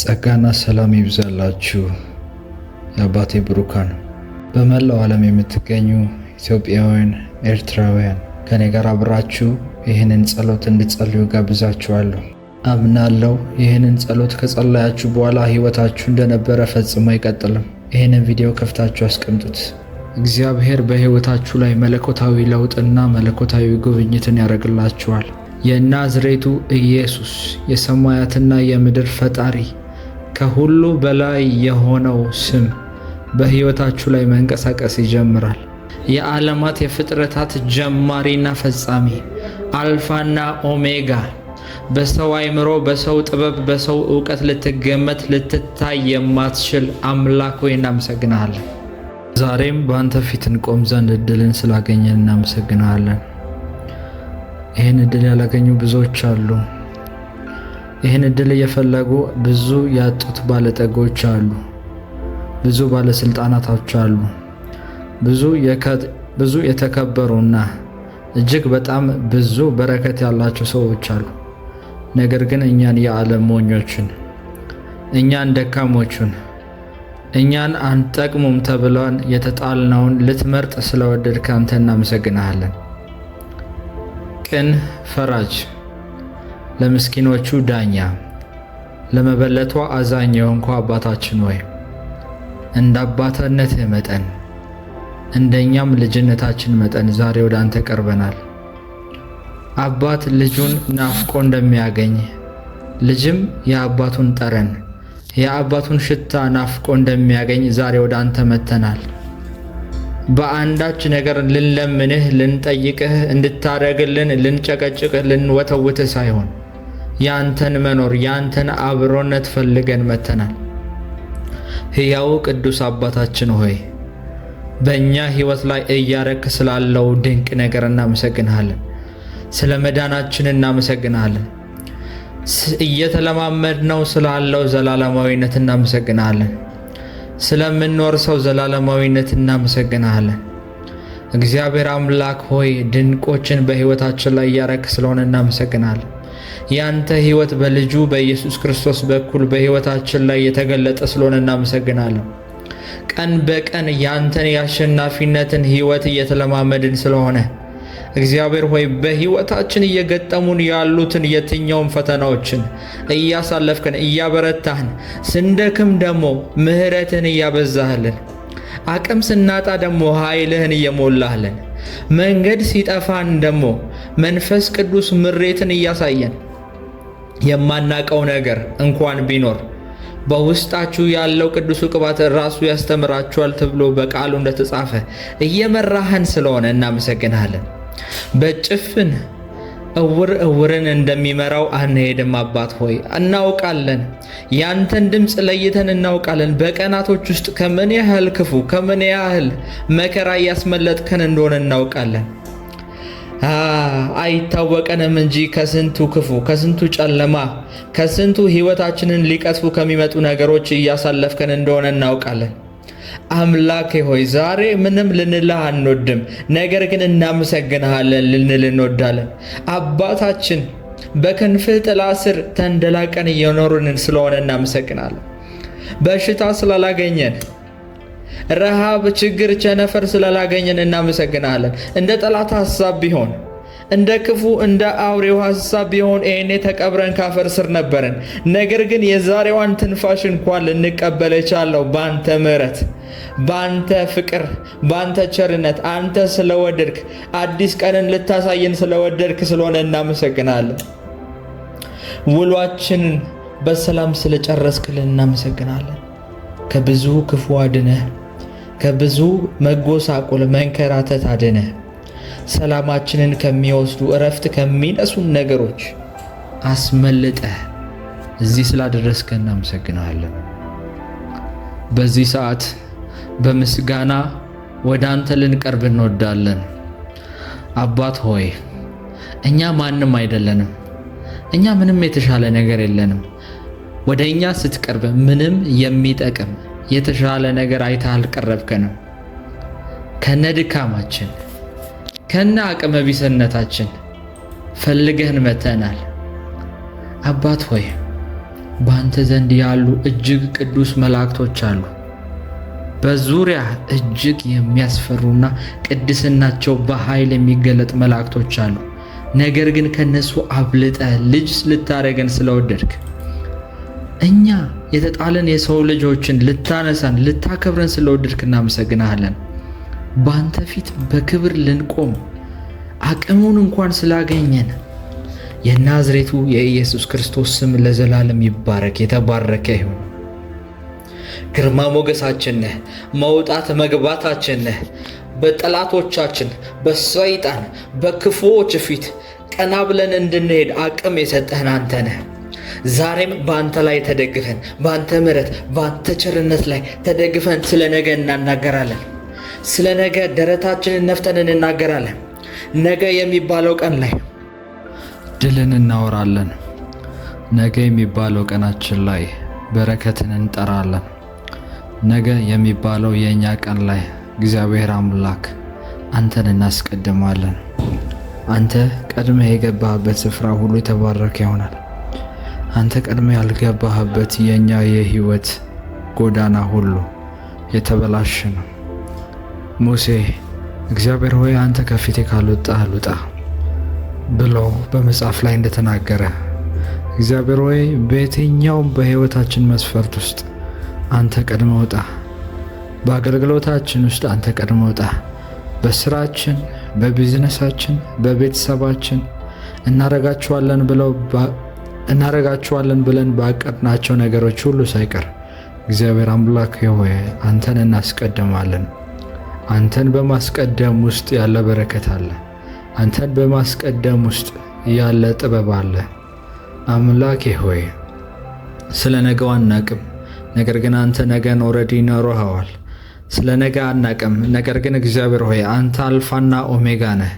ጸጋና ሰላም ይብዛላችሁ። የአባቴ ብሩካን በመላው ዓለም የምትገኙ ኢትዮጵያውያን፣ ኤርትራውያን ከኔ ጋር አብራችሁ ይህንን ጸሎት እንድጸልዩ ጋብዛችኋለሁ። አምናለሁ ይህንን ጸሎት ከጸለያችሁ በኋላ ሕይወታችሁ እንደነበረ ፈጽሞ አይቀጥልም። ይህንን ቪዲዮ ከፍታችሁ አስቀምጡት። እግዚአብሔር በሕይወታችሁ ላይ መለኮታዊ ለውጥና መለኮታዊ ጉብኝትን ያደርግላችኋል። የናዝሬቱ ኢየሱስ የሰማያትና የምድር ፈጣሪ ከሁሉ በላይ የሆነው ስም በህይወታችሁ ላይ መንቀሳቀስ ይጀምራል። የዓለማት የፍጥረታት ጀማሪና ፈጻሚ፣ አልፋና ኦሜጋ በሰው አይምሮ በሰው ጥበብ፣ በሰው እውቀት ልትገመት ልትታይ የማትችል አምላክ ሆይ እናመሰግናለን። ዛሬም በአንተ ፊት እንቆም ዘንድ እድልን ስላገኘን እናመሰግናለን። ይህን እድል ያላገኙ ብዙዎች አሉ። ይህን እድል እየፈለጉ ብዙ ያጡት ባለጠጎች አሉ። ብዙ ባለስልጣናቶች አሉ። ብዙ የተከበሩና እጅግ በጣም ብዙ በረከት ያላቸው ሰዎች አሉ። ነገር ግን እኛን የዓለም ሞኞችን፣ እኛን ደካሞቹን፣ እኛን አንጠቅሙም ተብለን የተጣልነውን ልትመርጥ ስለወደድክ አንተ እናመሰግንሃለን። ቅን ፈራጅ ለምስኪኖቹ ዳኛ፣ ለመበለቷ አዛኝ የሆንኩ አባታችን ሆይ እንደ አባታነትህ መጠን እንደኛም ልጅነታችን መጠን ዛሬ ወደ አንተ ቀርበናል። አባት ልጁን ናፍቆ እንደሚያገኝ ልጅም የአባቱን ጠረን የአባቱን ሽታ ናፍቆ እንደሚያገኝ ዛሬ ወደ አንተ መጥተናል። በአንዳች ነገር ልንለምንህ፣ ልንጠይቅህ፣ እንድታደርግልን፣ ልንጨቀጭቅህ፣ ልንወተውትህ ሳይሆን ያንተን መኖር ያንተን አብሮነት ፈልገን መተናል። ሕያው ቅዱስ አባታችን ሆይ በእኛ ሕይወት ላይ እያረክ ስላለው ድንቅ ነገር እናመሰግንሃለን። ስለ መዳናችን እናመሰግንሃለን። እየተለማመድነው ስላለው ዘላለማዊነት እናመሰግንሃለን። ስለምንወርሰው ዘላለማዊነት እናመሰግንሃለን። እግዚአብሔር አምላክ ሆይ ድንቆችን በሕይወታችን ላይ እያረክ ስለሆነ እናመሰግንሃለን። ያንተ ህይወት በልጁ በኢየሱስ ክርስቶስ በኩል በህይወታችን ላይ የተገለጠ ስለሆነ እናመሰግናለን። ቀን በቀን ያንተን የአሸናፊነትን ህይወት እየተለማመድን ስለሆነ እግዚአብሔር ሆይ በህይወታችን እየገጠሙን ያሉትን የትኛውን ፈተናዎችን እያሳለፍከን እያበረታህን፣ ስንደክም ደግሞ ምህረትን እያበዛህልን፣ አቅም ስናጣ ደግሞ ኃይልህን እየሞላህልን መንገድ ሲጠፋን ደግሞ መንፈስ ቅዱስ ምሬትን እያሳየን የማናቀው ነገር እንኳን ቢኖር በውስጣችሁ ያለው ቅዱሱ ቅባት ራሱ ያስተምራችኋል ተብሎ በቃሉ እንደተጻፈ እየመራህን ስለሆነ እናመሰግናለን። በጭፍን እውር እውርን እንደሚመራው አንሄድም። አባት ሆይ እናውቃለን፣ ያንተን ድምፅ ለይተን እናውቃለን። በቀናቶች ውስጥ ከምን ያህል ክፉ ከምን ያህል መከራ እያስመለጥከን እንደሆነ እናውቃለን። አይታወቀንም እንጂ ከስንቱ ክፉ ከስንቱ ጨለማ ከስንቱ ሕይወታችንን ሊቀጥፉ ከሚመጡ ነገሮች እያሳለፍከን እንደሆነ እናውቃለን። አምላክ ሆይ ዛሬ ምንም ልንልህ አንወድም፣ ነገር ግን እናመሰግንሃለን ልንል እንወዳለን። አባታችን በክንፍህ ጥላ ስር ተንደላቀን እየኖሩንን ስለሆነ እናመሰግናለን። በሽታ ስላላገኘን፣ ረሃብ፣ ችግር፣ ቸነፈር ስላላገኘን እናመሰግናለን። እንደ ጠላት ሀሳብ ቢሆን እንደ ክፉ እንደ አውሬው ሀሳብ ቢሆን ይህኔ ተቀብረን ካፈር ስር ነበርን። ነገር ግን የዛሬዋን ትንፋሽ እንኳን ልንቀበል ቻለው። በአንተ ምሕረት፣ በአንተ ፍቅር፣ በአንተ ቸርነት አንተ ስለወደድክ አዲስ ቀንን ልታሳየን ስለወደድክ ስለሆነ እናመሰግናለን። ውሏችንን በሰላም ስለጨረስክልን እናመሰግናለን። ከብዙ ክፉ አድነህ፣ ከብዙ መጎሳቁል መንከራተት አድነህ ሰላማችንን ከሚወስዱ እረፍት ከሚነሱን ነገሮች አስመልጠህ እዚህ ስላደረስከ እናመሰግናለን። በዚህ ሰዓት በምስጋና ወደ አንተ ልንቀርብ እንወዳለን። አባት ሆይ እኛ ማንም አይደለንም። እኛ ምንም የተሻለ ነገር የለንም። ወደ እኛ ስትቀርብ ምንም የሚጠቅም የተሻለ ነገር አይተህ አልቀረብከንም። ከነድካማችን ከነ አቅመ ቢሰነታችን ፈልገን መተናል። አባት ሆይ በአንተ ዘንድ ያሉ እጅግ ቅዱስ መላእክቶች አሉ። በዙሪያ እጅግ የሚያስፈሩና ቅድስናቸው በኃይል የሚገለጥ መላእክቶች አሉ። ነገር ግን ከነሱ አብልጠ ልጅ ልታደረገን ስለወደድክ እኛ የተጣለን የሰው ልጆችን ልታነሳን ልታከብረን ስለወደድክ እናመሰግናለን። በአንተ ፊት በክብር ልንቆም አቅሙን እንኳን ስላገኘን የናዝሬቱ የኢየሱስ ክርስቶስ ስም ለዘላለም ይባረክ፣ የተባረከ ይሁን። ግርማ ሞገሳችን ነህ፣ መውጣት መግባታችን ነህ። በጠላቶቻችን በሰይጣን በክፉዎች ፊት ቀና ብለን እንድንሄድ አቅም የሰጠህን አንተ ነህ። ዛሬም በአንተ ላይ ተደግፈን፣ በአንተ ምሕረት፣ በአንተ ቸርነት ላይ ተደግፈን ስለ ነገ እናናገራለን። ስለ ነገ ደረታችንን ነፍጠን እንናገራለን። ነገ የሚባለው ቀን ላይ ድልን እናወራለን። ነገ የሚባለው ቀናችን ላይ በረከትን እንጠራለን። ነገ የሚባለው የእኛ ቀን ላይ እግዚአብሔር አምላክ አንተን እናስቀድማለን። አንተ ቀድመህ የገባህበት ስፍራ ሁሉ የተባረከ ይሆናል። አንተ ቀድመህ ያልገባህበት የእኛ የህይወት ጎዳና ሁሉ የተበላሸ ነው። ሙሴ እግዚአብሔር ሆይ አንተ ከፊቴ ካልወጣ አልወጣ ብሎ በመጽሐፍ ላይ እንደተናገረ እግዚአብሔር ሆይ በየትኛውም በሕይወታችን መስፈርት ውስጥ አንተ ቀድመ ውጣ፣ በአገልግሎታችን ውስጥ አንተ ቀድመ ውጣ፣ በስራችን፣ በቢዝነሳችን፣ በቤተሰባችን እናረጋችኋለን ብለው እናረጋቸዋለን ብለን ባቀድናቸው ነገሮች ሁሉ ሳይቀር እግዚአብሔር አምላክ ሆይ አንተን እናስቀድማለን። አንተን በማስቀደም ውስጥ ያለ በረከት አለ። አንተን በማስቀደም ውስጥ ያለ ጥበብ አለ። አምላኬ ሆይ ስለ ነገው አናቅም፣ ነገር ግን አንተ ነገን ኦልሬዲ ይኖረኸዋል። ስለ ነገ አናቅም፣ ነገር ግን እግዚአብሔር ሆይ አንተ አልፋና ኦሜጋ ነህ።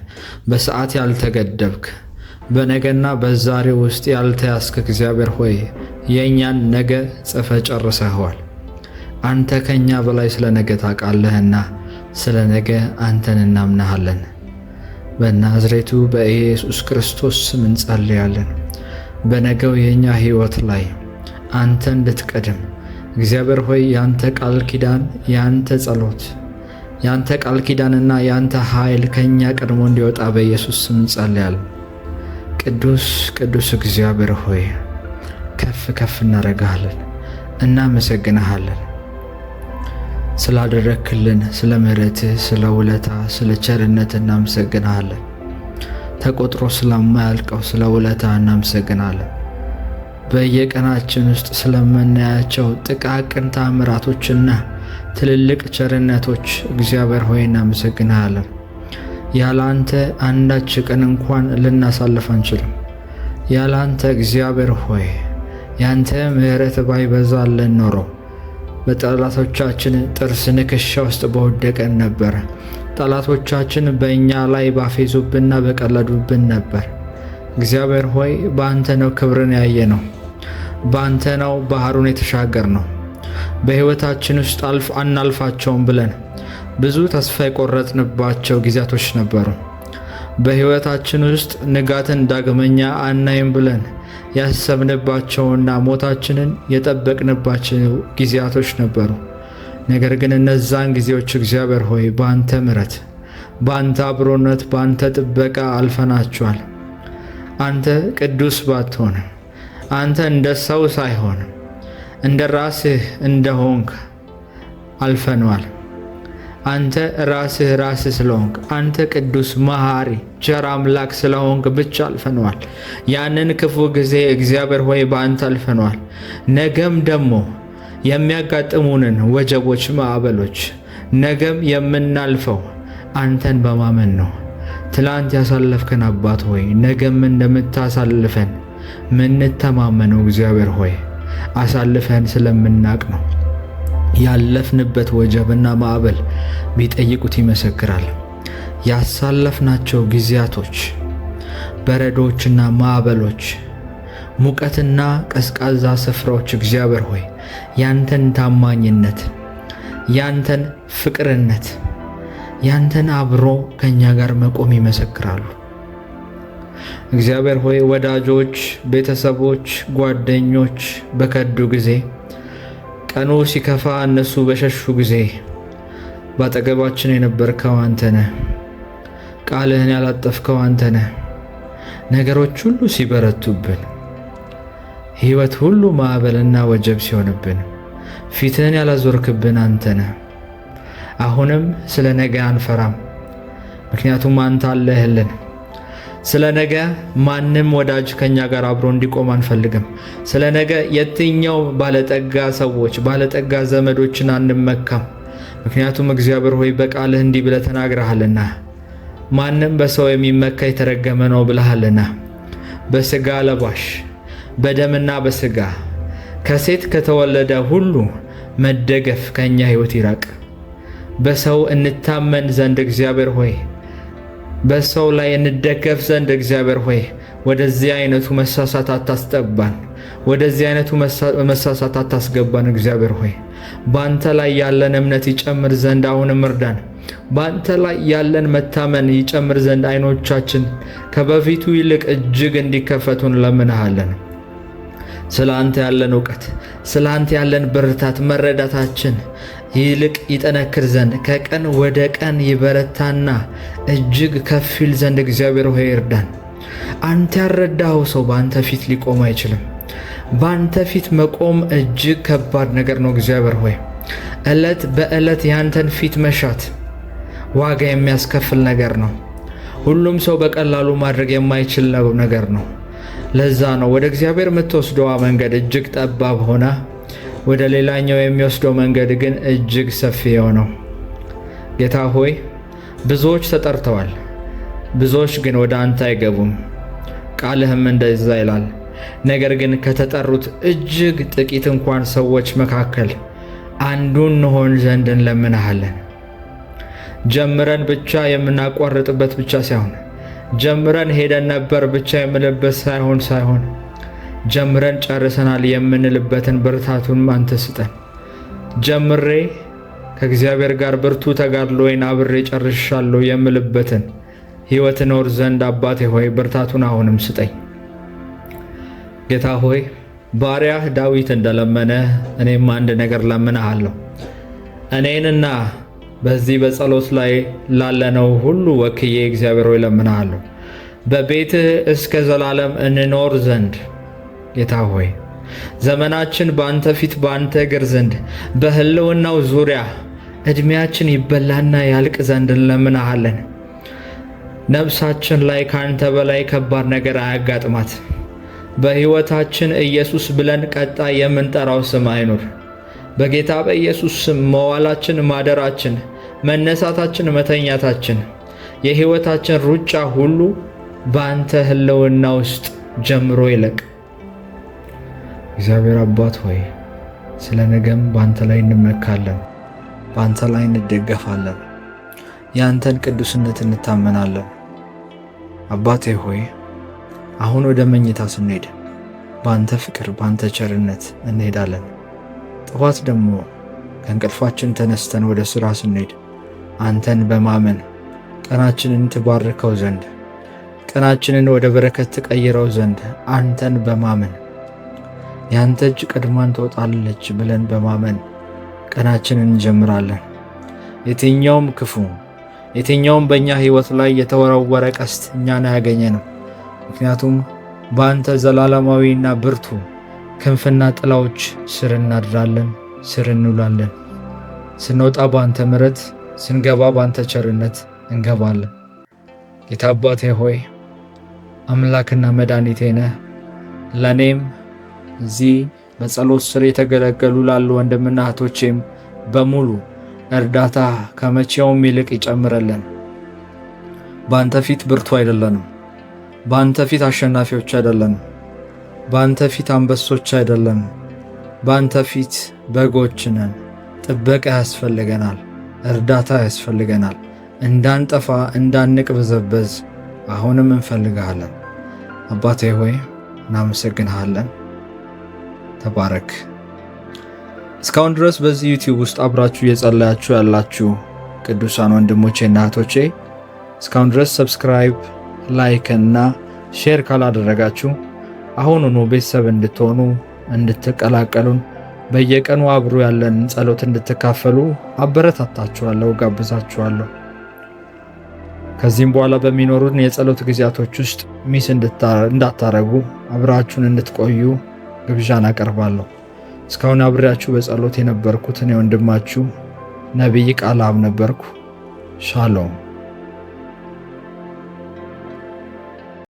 በሰዓት ያልተገደብክ በነገና በዛሬ ውስጥ ያልተያዝክ እግዚአብሔር ሆይ የእኛን ነገ ጽፈ ጨርሰኸዋል። አንተ ከእኛ በላይ ስለ ነገ ታውቃለህና ስለ ነገ አንተን እናምናሃለን። በናዝሬቱ በኢየሱስ ክርስቶስ ስም እንጸልያለን። በነገው የእኛ ሕይወት ላይ አንተ እንድትቀድም እግዚአብሔር ሆይ ያንተ ቃል ኪዳን፣ ያንተ ጸሎት፣ ያንተ ቃል ኪዳንና ያንተ ኃይል ከእኛ ቀድሞ እንዲወጣ በኢየሱስ ስም እንጸልያለን። ቅዱስ ቅዱስ እግዚአብሔር ሆይ ከፍ ከፍ እናደርግሃለን፣ እናመሰግንሃለን። ስላደረክልን ስለ ምሕረትህ፣ ስለ ውለታ፣ ስለ ቸርነት እናመሰግናለን። ተቆጥሮ ስለማያልቀው ስለ ውለታ እናመሰግናለን። በየቀናችን ውስጥ ስለምናያቸው ጥቃቅን ታምራቶችና ትልልቅ ቸርነቶች እግዚአብሔር ሆይ እናመሰግናለን። ያለ አንተ አንዳች ቀን እንኳን ልናሳልፍ አንችልም። ያለ አንተ እግዚአብሔር ሆይ ያንተ ምሕረት ባይበዛልን ኖረው በጠላቶቻችን ጥርስ ንክሻ ውስጥ በወደቀን ነበር። ጠላቶቻችን በእኛ ላይ ባፌዙብንና በቀለዱብን ነበር። እግዚአብሔር ሆይ በአንተ ነው ክብርን ያየ ነው፣ በአንተ ነው ባህሩን የተሻገር ነው። በሕይወታችን ውስጥ አልፍ አናልፋቸውም ብለን ብዙ ተስፋ የቆረጥንባቸው ጊዜያቶች ነበሩ። በሕይወታችን ውስጥ ንጋትን ዳግመኛ አናይም ብለን ያሰብንባቸውና ሞታችንን የጠበቅንባቸው ጊዜያቶች ነበሩ። ነገር ግን እነዛን ጊዜዎች እግዚአብሔር ሆይ በአንተ ምረት፣ በአንተ አብሮነት፣ በአንተ ጥበቃ አልፈናቸዋል። አንተ ቅዱስ ባትሆን፣ አንተ እንደ ሰው ሳይሆን እንደ ራስህ እንደሆንክ አልፈነዋል። አንተ ራስህ ራስህ ስለሆንክ አንተ ቅዱስ መሐሪ ቸር አምላክ ስለሆንክ ብቻ አልፈነዋል። ያንን ክፉ ጊዜ እግዚአብሔር ሆይ በአንተ አልፈነዋል። ነገም ደግሞ የሚያጋጥሙንን ወጀቦች፣ ማዕበሎች ነገም የምናልፈው አንተን በማመን ነው። ትላንት ያሳለፍከን አባት ሆይ ነገም እንደምታሳልፈን ምንተማመነው እግዚአብሔር ሆይ አሳልፈን ስለምናቅ ነው። ያለፍንበት ወጀብና ማዕበል ቢጠይቁት ይመሰክራል። ያሳለፍናቸው ጊዜያቶች፣ በረዶችና ማዕበሎች፣ ሙቀትና ቀዝቃዛ ስፍራዎች እግዚአብሔር ሆይ ያንተን ታማኝነት፣ ያንተን ፍቅርነት፣ ያንተን አብሮ ከእኛ ጋር መቆም ይመሰክራሉ። እግዚአብሔር ሆይ ወዳጆች፣ ቤተሰቦች፣ ጓደኞች በከዱ ጊዜ ቀኑ ሲከፋ እነሱ በሸሹ ጊዜ ባጠገባችን የነበርከው አንተ ነህ። ቃልህን ያላጠፍከው አንተ ነህ። ነገሮች ሁሉ ሲበረቱብን፣ ሕይወት ሁሉ ማዕበልና ወጀብ ሲሆንብን ፊትህን ያላዞርክብን አንተ ነህ። አሁንም ስለ ነገ አንፈራም፣ ምክንያቱም አንተ አለህልን። ስለ ነገ ማንም ወዳጅ ከኛ ጋር አብሮ እንዲቆም አንፈልግም። ስለ ነገ የትኛው ባለጠጋ ሰዎች ባለጠጋ ዘመዶችን አንመካም። ምክንያቱም እግዚአብሔር ሆይ በቃልህ እንዲህ ብለህ ተናግረሃልና ማንም በሰው የሚመካ የተረገመ ነው ብለሃልና በስጋ ለባሽ በደምና በስጋ ከሴት ከተወለደ ሁሉ መደገፍ ከእኛ ሕይወት ይራቅ። በሰው እንታመን ዘንድ እግዚአብሔር ሆይ በሰው ላይ እንደገፍ ዘንድ እግዚአብሔር ሆይ ወደዚህ አይነቱ መሳሳት አታስጠባን፣ ወደዚህ አይነቱ መሳሳት አታስገባን። እግዚአብሔር ሆይ በአንተ ላይ ያለን እምነት ይጨምር ዘንድ አሁንም እርዳን። በአንተ ላይ ያለን መታመን ይጨምር ዘንድ አይኖቻችን ከበፊቱ ይልቅ እጅግ እንዲከፈቱን ለምንሃለን። ስለ አንተ ያለን እውቀት፣ ስለ አንተ ያለን ብርታት፣ መረዳታችን ይልቅ ይጠነክር ዘንድ ከቀን ወደ ቀን ይበረታና እጅግ ከፍ ይል ዘንድ እግዚአብሔር ሆይ ይርዳን። አንተ ያረዳው ሰው በአንተ ፊት ሊቆም አይችልም። በአንተ ፊት መቆም እጅግ ከባድ ነገር ነው። እግዚአብሔር ሆይ ዕለት በዕለት ያንተን ፊት መሻት ዋጋ የሚያስከፍል ነገር ነው። ሁሉም ሰው በቀላሉ ማድረግ የማይችል ነገር ነው። ለዛ ነው ወደ እግዚአብሔር የምትወስደዋ መንገድ እጅግ ጠባብ ሆነ። ወደ ሌላኛው የሚወስደው መንገድ ግን እጅግ ሰፊ የሆነው ጌታ ሆይ ብዙዎች ተጠርተዋል፣ ብዙዎች ግን ወደ አንተ አይገቡም። ቃልህም እንደዛ ይላል። ነገር ግን ከተጠሩት እጅግ ጥቂት እንኳን ሰዎች መካከል አንዱ እንሆን ዘንድ እንለምናሃለን። ጀምረን ብቻ የምናቋርጥበት ብቻ ሳይሆን ጀምረን ሄደን ነበር ብቻ የምልበት ሳይሆን ሳይሆን ጀምረን ጨርሰናል የምንልበትን ብርታቱን አንተ ስጠን። ጀምሬ ከእግዚአብሔር ጋር ብርቱ ወይን አብሬ ጨርሻለሁ የምልበትን ሕይወት ኖር ዘንድ አባቴ ሆይ ብርታቱን አሁንም ስጠኝ። ጌታ ሆይ ባሪያህ ዳዊት እንደለመነ እኔም አንድ ነገር ለምንሃለሁ። እኔንና በዚህ በጸሎት ላይ ላለነው ሁሉ ወክዬ እግዚአብሔር ሆይ ለምንሃለሁ በቤትህ እስከ ዘላለም እንኖር ዘንድ ጌታ ሆይ ዘመናችን በአንተ ፊት በአንተ እግር ዘንድ በህልውናው ዙሪያ እድሜያችን ይበላና ያልቅ ዘንድ እንለምናሃለን። ነፍሳችን ላይ ከአንተ በላይ ከባድ ነገር አያጋጥማት። በሕይወታችን ኢየሱስ ብለን ቀጣይ የምንጠራው ስም አይኑር። በጌታ በኢየሱስ ስም መዋላችን፣ ማደራችን፣ መነሳታችን፣ መተኛታችን፣ የሕይወታችን ሩጫ ሁሉ በአንተ ህልውና ውስጥ ጀምሮ ይለቅ። እግዚአብሔር አባት ሆይ ስለ ነገም በአንተ ላይ እንመካለን፣ በአንተ ላይ እንደገፋለን፣ የአንተን ቅዱስነት እንታመናለን። አባቴ ሆይ አሁን ወደ መኝታ ስንሄድ በአንተ ፍቅር፣ በአንተ ቸርነት እንሄዳለን። ጥዋት ደግሞ ከእንቅልፋችን ተነስተን ወደ ሥራ ስንሄድ አንተን በማመን ቀናችንን ትባርከው ዘንድ ቀናችንን ወደ በረከት ትቀይረው ዘንድ አንተን በማመን ያንተ እጅ ቀድማን ትወጣለች ብለን በማመን ቀናችንን እንጀምራለን። የትኛውም ክፉ የትኛውም በእኛ ሕይወት ላይ የተወረወረ ቀስት እኛን አያገኘንም። ምክንያቱም በአንተ ዘላለማዊና ብርቱ ክንፍና ጥላዎች ስር እናድራለን፣ ስር እንውላለን። ስንወጣ በአንተ ምረት፣ ስንገባ በአንተ ቸርነት እንገባለን። ጌታ አባቴ ሆይ አምላክና መድኃኒቴ ነህ ለእኔም እዚህ በጸሎት ስር የተገለገሉ ላሉ ወንድምና እህቶቼም በሙሉ እርዳታ ከመቼውም ይልቅ ይጨምረልን። በአንተ ፊት ብርቱ አይደለንም። በአንተ ፊት አሸናፊዎች አይደለንም። በአንተ ፊት አንበሶች አይደለንም። በአንተ ፊት በጎች ነን። ጥበቃ ያስፈልገናል። እርዳታ ያስፈልገናል። እንዳንጠፋ፣ እንዳንቅበዘበዝ አሁንም እንፈልግሃለን። አባቴ ሆይ እናመሰግንሃለን። ተባረክ። እስካሁን ድረስ በዚህ ዩቲዩብ ውስጥ አብራችሁ እየጸለያችሁ ያላችሁ ቅዱሳን ወንድሞቼ እና እህቶቼ እስካሁን ድረስ ሰብስክራይብ፣ ላይክ እና ሼር ካላደረጋችሁ አሁኑኑ ቤተሰብ እንድትሆኑ እንድትቀላቀሉን በየቀኑ አብሮ ያለን ጸሎት እንድትካፈሉ አበረታታችኋለሁ፣ ጋብዛችኋለሁ። ከዚህም በኋላ በሚኖሩን የጸሎት ጊዜያቶች ውስጥ ሚስ እንዳታረጉ አብራችሁን እንድትቆዩ ግብዣን አቀርባለሁ። እስካሁን አብሬያችሁ በጸሎት የነበርኩት እኔ ወንድማችሁ ነቢይ ቃልአብ ነበርኩ። ሻሎም